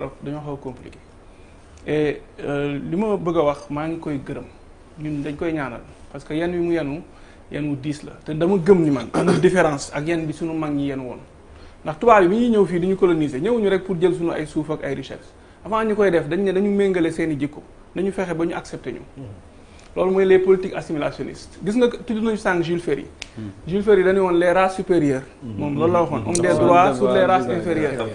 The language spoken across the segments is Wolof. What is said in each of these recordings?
dañoo xaw compliqué et euh, li ma bëgg a wax maa ngi koy gërëm ñun dañ koy ñaanal parce que yan wi mu yenu yan wu diis la te dama gëm ni man amul différence ak yenn bi suñu mag ñi yen woon ndax tubaab yi bi ñuy ñëw fii dañu coloniser ñëwuñu rek pour jël suñu ay suuf ak ay richesse avant ñu koy def dañ ne dañu méngale seeni jikko dañu fexe ba ñu accepté ñu mm-hmm. loolu mooy les politiques assimilationnistes gis nga tudd nañu sànq Jules Ferry. Hmm. Jules Ferry dañu woon les hmm. moom loolu la waxoon on des hmm. droits sur les races inférieures.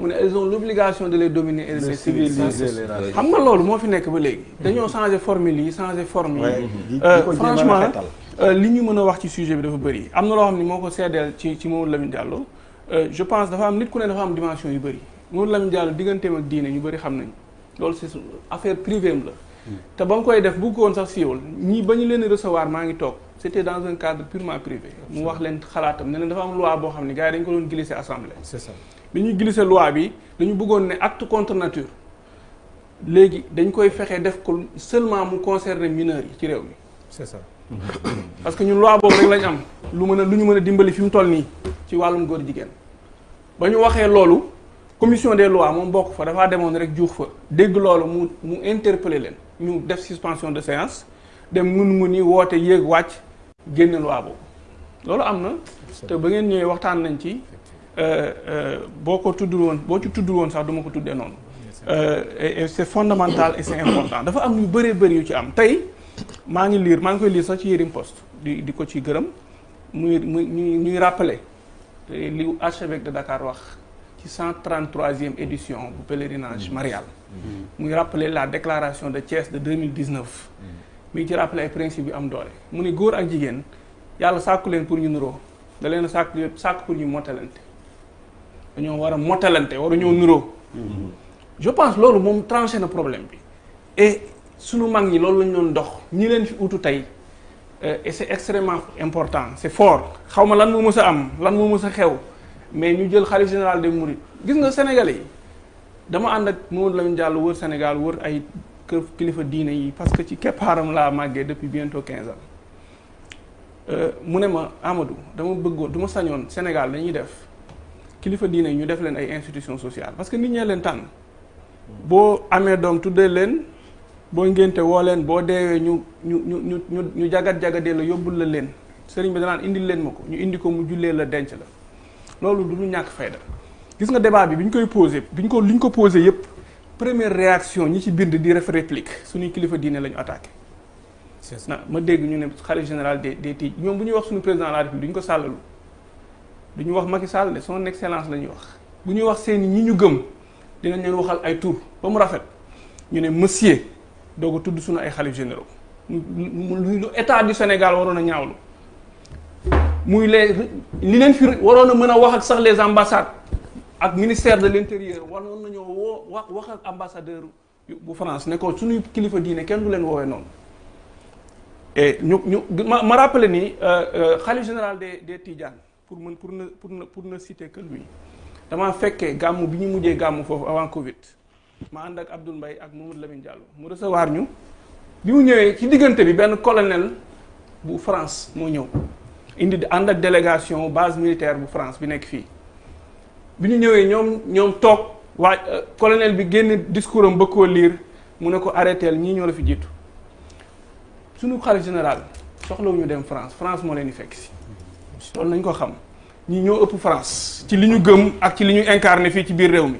mu ne elles ont l'obligation de les dominer et de les loolu moo fi nekk ba léegi. dañoo changer formule yi changer forme yi. Euh, franchement euh, li ñu mën a wax ci sujet bi dafa bëri am na loo xam ne moo ko seedeel ci ci Mamadou Lamine Diallo euh, je pense dafa am nit ku ne dafa am dimension yu bëri la Lamine Diallo digganteem ak diine ñu bëri xam nañ loolu c'est affaire privée la. te ba mu koy def bëgg woon sax siiwal ñii ba ñu leen recevoir maa ngi toog c' était dans un cadre purement privé. mu wax leen xalaatam ne leen dafa am loi boo xam ne gars yi ko doon glisser assemblée. c' est ça bi ñuy glisser loi bi dañu bëggoon ne acte contre léegi dañ koy fexe def ko seulement mu concerner mineurs yi ci réew mi. c' est ça. ñun loi boobu rek lañ am lu mën a lu ñu mën a dimbali fi mu toll nii ci wàllum góor jigéen ba ñu waxee loolu. commission des lois moom bokk fa dafaa demoon rek juux fa dégg loolu mu mu interpeller leen ñu def suspension de séance dem ngun-ngun yi woote yéeg wàcc génne loi loolu am na te ba ngeen ñëwee waxtaan nañ ci euh, euh, boo ko tuddul woon boo ci tuddul woon sax duma ko tuddee noonu euh, et c'est fondamental et c'est important dafa am yu bëree bëri yu ci am tey maa ngi liir maa ngi koy liir sax ci Yérim Post di di ko ci gërëm muy muy ñuy rappeler li archevêque de Dakar wax ci 133e édition bu pèlerinage mm. marial mm. muy rappeler la déclaration de Thiès de deux 2019 mi mm. ci rappeler ay principe yu am doole mu ne góor ak jigéen yàlla sàkku leen pour ñu nuroo da leen sàkku sàkku pour ñu mottalante dañoo war a mottalante waruñoo nuroo je pense loolu moom tranché na problème bi et sunu mag ñi loolu lañu doon dox ñi leen fi utu tey euh, et c'est extrêmement important c'est fort xaw ma lan moo mës a am lan moo mës a xew mais ñu jël xalif général de murit gis nga sénégalais yi dama ànd ak Mamadou Lamine jàll wër Sénégal wër ay kër kilifa diine yi parce que ci keppaaram laa màggee depuis bientôt 15 ans euh, mu ne ma Amadou dama bëggoon duma sañoon Sénégal dañuy def kilifa diine yi ñu def leen ay institutions sociales parce que nit ñee leen tànn boo amee doom tuddee leen boo ngénte woo leen boo deewee ñu ñu ñu ñu ñu jagat jagadee la yóbbul la leen sëriñ bi danaan indi leen ma ko ñu indi ko mu jullee la denc la. loolu du ñu ñàkk fayda gis nga débat bi bi ñu koy posé bi ñu ko li ñu ko posé yëpp première réaction ñi ci bind di def réplique suñuy kilifa diine la ñu attaqué. na ma dégg ñu ne xalif général des des tiij ñoom bu ñuy wax suñu président de la république du ñu ko sàllalu du ñu wax Macky Sall de son excellence la ñuy wax bu ñuy wax seen ñi ñu gëm dinañ leen waxal ay tur ba mu rafet ñu ne monsieur doo ko tudd suñu ay xalif généraux lu état du Sénégal waroon a ñaawlu. muy les li leen fi waroon a mën a wax ak sax les ambassades ak ministère de l' intérieur waroon nañoo woo wax wax ak ambassadeur bu France ne ko suñuy kilifa diine kenn du leen woowee noonu et ñu ñu ma ma rappelé ni xalif euh, euh, général des des Tidjane pour mën pour na pour ne pour ne citer que lui damaa fekkee gàmm bi ñu mujjee gàmmu foofu avant Covid ma ànd ak Abdoul mbay ak Mamadou Lamine Diallo mu recevoir ñu bi mu ñëwee ci diggante bi benn colonel bu France moo ñëw. indi ànd ak délégation base militaire bu France bi nekk fii bi ñu ñëwee ñoom ñoom toog waa euh, colonel bi génn discours am bëgg koo liir mu ne ko arrêteel ñii ñoo la fi jiitu suñu xalif général ñu dem France France moo leen di fekk si loolu nañ ko xam ñi ñoo ëpp France ci li ñu gëm ak ci li ñu incarné fii ci biir réew mi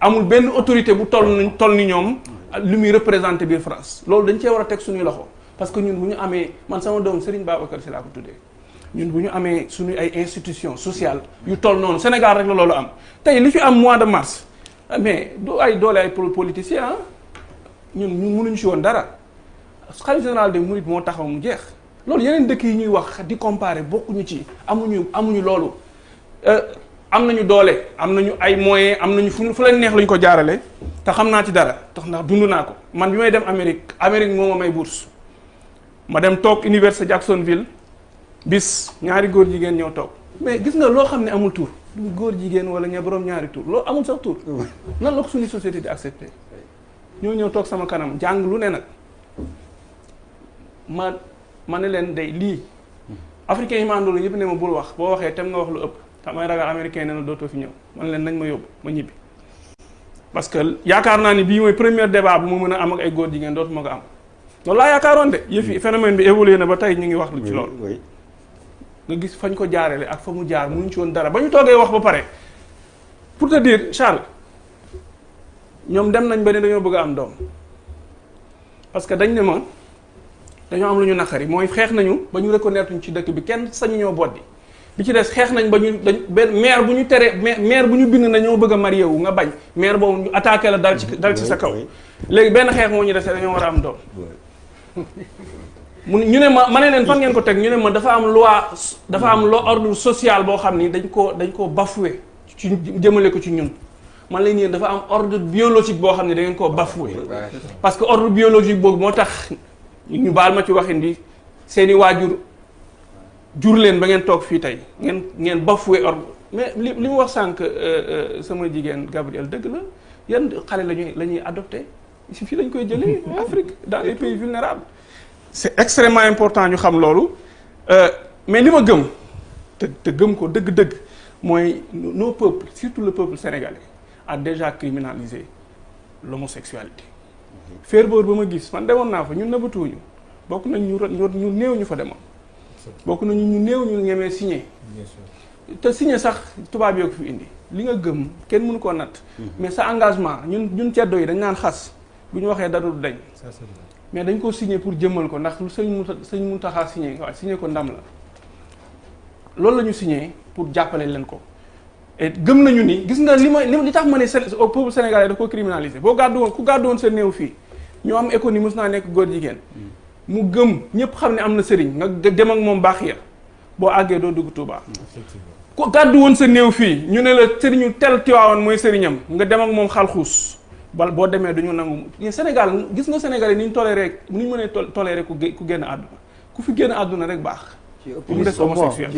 amul benn autorité bu toll nañ toll ni ñoom lu muy représenté biir France loolu dañ cee war a teg suñuy loxo parce que ñun bu ñu amee man sama doom Serigne Babacar si laa ko tuddee ñun bu ñu amee suñu ay institutions sociales yu toll noonu Sénégal rek la loolu am tey lu fi am mois de mars mais du ay doole ay politiciens ah ñun mu mënuñ si woon dara xalifa général des mourides moo taxaw mu jeex loolu yeneen dëkk yi ñuy wax di comparer bokkuñu ci amuñu amuñu loolu euh, am nañu doole am nañu ay moyens am nañu fu fu leen neex lañ ko jaarale te xam naa ci dara tax ndax dund naa ko man bi may dem Amérique Amérique moo ma may bourse ma dem toog Université Jacksonville bis ñaari góor jigéen ñëw toog mais gis nga loo xam ne amul tur du góor jigéen wala ña borom ñaari tur loolu amul sax tur nan la ko suñu société di accepté ñoo ñëw toog sama kanam jàng lu ne nag ma ma ne leen day lii africain yi ma àndul yëpp ne ma bul wax boo waxee tem nga wax lu ëpp damay ragal américain ne la dootoo fi ñëw man leen nañ ma yóbbu ma ñibbi parce que yaakaar naa ni bii mooy premier débat bu mu mën a am ak ay góor jigéen dootuma ko am loolu laa yaakaaroon yi phénomène bi évolué na ba tey ñu ngi wax lu ci loolu nga gis fañ ko jaarale ak fa mu jaar munuñ ci woon dara ba ñu toogee wax ba pare pour te dire Charles ñoom dem nañ ba ne dañoo bëgg a am doom parce que dañ ne ma dañoo am lu ñu naqari mooy xeex nañu ba ñu reconnaître ñu ci dëkk bi kenn sañu ñoo boddi bi ci des xeex nañ ba ñu dañ benn maire bu ñu teree maire bu ñu bind na ñoo bëgg a marié wu nga bañ maire boobu ñu attaqué la dal ci dal ci sa kaw léegi benn xeex moo ñu dese dañoo war a am doom mu ñu ne ma ma ne leen fan ngeen ko teg ñu ne ma dafa am loi dafa am loi ordre social boo xam ni dañ koo dañ koo bafoué ci jëmale ko ci ñun man la ñu dafa am ordre biologique boo xam ne dangeen ko koo parce que ordre biologique boobu moo tax ñu baal ma ci waxin bi seeni waajur jur leen ba ngeen toog fii tey ngeen ngeen bafoué ordre mais li li mu wax sànq euh, euh, sama jigéen Gabriel dëgg la yan xale lañuy ñuy la ñuy adopté si fii lañ koy jëlee Afrique dans les pays vulnérables c'est extrêmement important ñu xam loolu euh, mais li ma gëm te te gëm ko dëgg-dëgg mooy nos peuples surtout le peuple sénégalais a déjà criminalisé l'homosexualité mhm. ferveur ba ma gis man demoon naa fa ñun nëbbatuwuñu bokk nañ ñu ñu néew ñu fa demoon bokk nañu ñu néew ñu ñemee signé te signé sax tubaab yoo ko fi indi li nga gëm kenn mënu koo natt mhm. mais sa engagement ñun ñun ceddo yi dañ naan xas bu ñu waxee dadul dañ mais dañ ko signé pour jëmmal ko ndax lu sëñ Mouta sëñ Mountakha signé waaw signé ko ndam la loolu la ñu signé pour jàppale leen ko et gëm nañu ni gis nga li ma li tax ma ne Séné au peuple sénégalais da ko criminalisé boo gàddu woon ku gàddu woon sa néew fii ñoo am économie mës naa nekk góor jigéen mm. mu gëm ñëpp xam ne am na sëriñ nga dem ak moom baax ya boo àggee doo dugg Touba. ku gàddu woon sa néew fii ñu ne la sëriñu tel Tiwaawan mooy sëriñam nga dem ak moom xalxuus wala boo demee du ñu nangu Sénégal gis nga Sénégal yi ni ñu toléré ni ñu mënee toléré ku ku génn àdduna ku fi génn àdduna rek baax. mu des homosexuel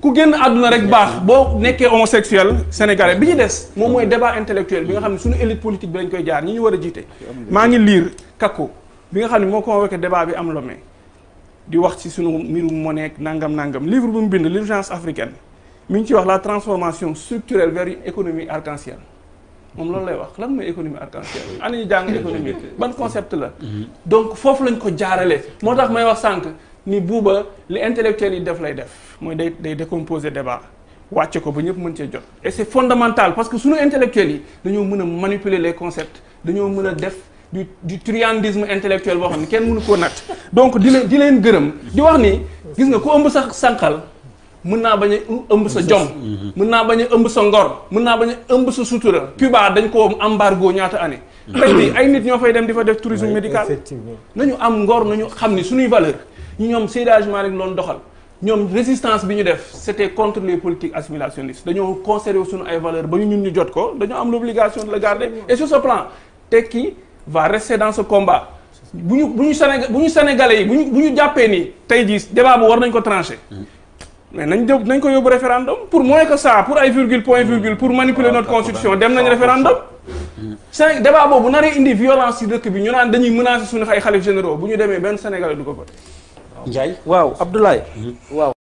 ku génn àdduna rek baax boo nekkee homosexuel sénégalais bi ñu des moom mooy débat intellectuel bi nga xam ne suñu élite politique bi lañ koy jaar ñi ñu war a jiite. maa ngi liir kakko bi nga xam ne moo ko convoqué débat bi am lomé di wax ci suñu mbiru moo nekk nangam nangam livre bu mu bind l'urgence africaine mu ngi ci wax la transformation structurelle vers économie arc moom loolu lay wax lan mooy économie arc-en-ciel ñu jàng économie ban concept la mhm. donc foofu lañ ko jaarale moo tax may wax sànq ni buuba li intellectuel yi def lay def mooy day day décomposer débat wàcce ko ba ñëpp mën cee jot et c'est fondamental parce que suñu intellectuel yi dañoo mën a manipuler les concepts dañoo mën a def du du triandisme intellectuel boo xam ne kenn mënu koo natt donc di leen di leen gërëm di wax ni gis nga ku ëmb sax sànqal Mm-hmm. mën naa bañ a ëmb sa jom mën naa bañ ëmb sa ngor mun naa bañ ëmb sa sutura Cuba dañ ko embargo ñaata année tey mm-hmm. bi ay nit ñoo fay dem di fa def tourisme médical nañu am ngor nañu xam ni suñuy valeur ñu ñoom sédagement rek loon doxal ñoom résistance bi ñu def c'était contre les politiques assimilationnistes dañoo conserver suñu ay valeur ba ñu ñun ñu jot ko dañoo am l'obligation de le garder et sur ce plan Tekki va rester dans combat bu ñu bu ñu Sénégal bu ñu sénégalais bu ñu bu ñu jàppee ni tey jii débat bu war nañ ko trancher mm. mais nañ jë nañ ko yóbbu référendum pour moins que ça pour ay virgule point virgule pour manipuler notre constitution dem nañ référendum Sénégal débat boobu naree indi violence ci dëkk bi ñu naan dañuy menacer suñu ay xalif généraux bu ñu demee benn Sénégalais du ko vote Ndiaye waaw Abdoulaye mm-hmm. waaw